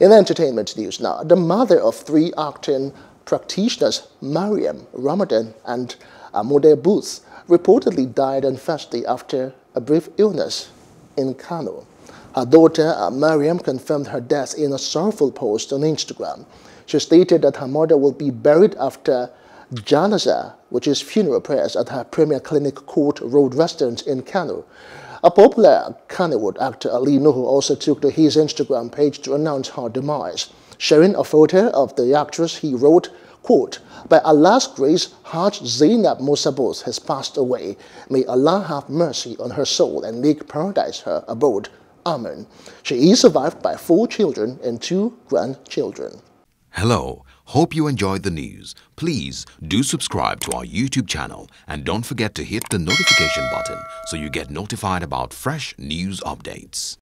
In entertainment news now, the mother of three acting practitioners, Mariam, Ramadan, and Amode Booth, reportedly died on Thursday after a brief illness in Kano. Her daughter, uh, Mariam, confirmed her death in a sorrowful post on Instagram. She stated that her mother will be buried after janaza, which is funeral prayers, at her Premier Clinic Court Road residence in Kano. A popular Kannywood actor Ali Nuhu also took to his Instagram page to announce her demise, sharing a photo of the actress he wrote, quote, By Allah's grace, Hajj Zainab Musabos has passed away. May Allah have mercy on her soul and make paradise her abode. Amen. She is survived by four children and two grandchildren. Hello, hope you enjoyed the news. Please do subscribe to our YouTube channel and don't forget to hit the notification button so you get notified about fresh news updates.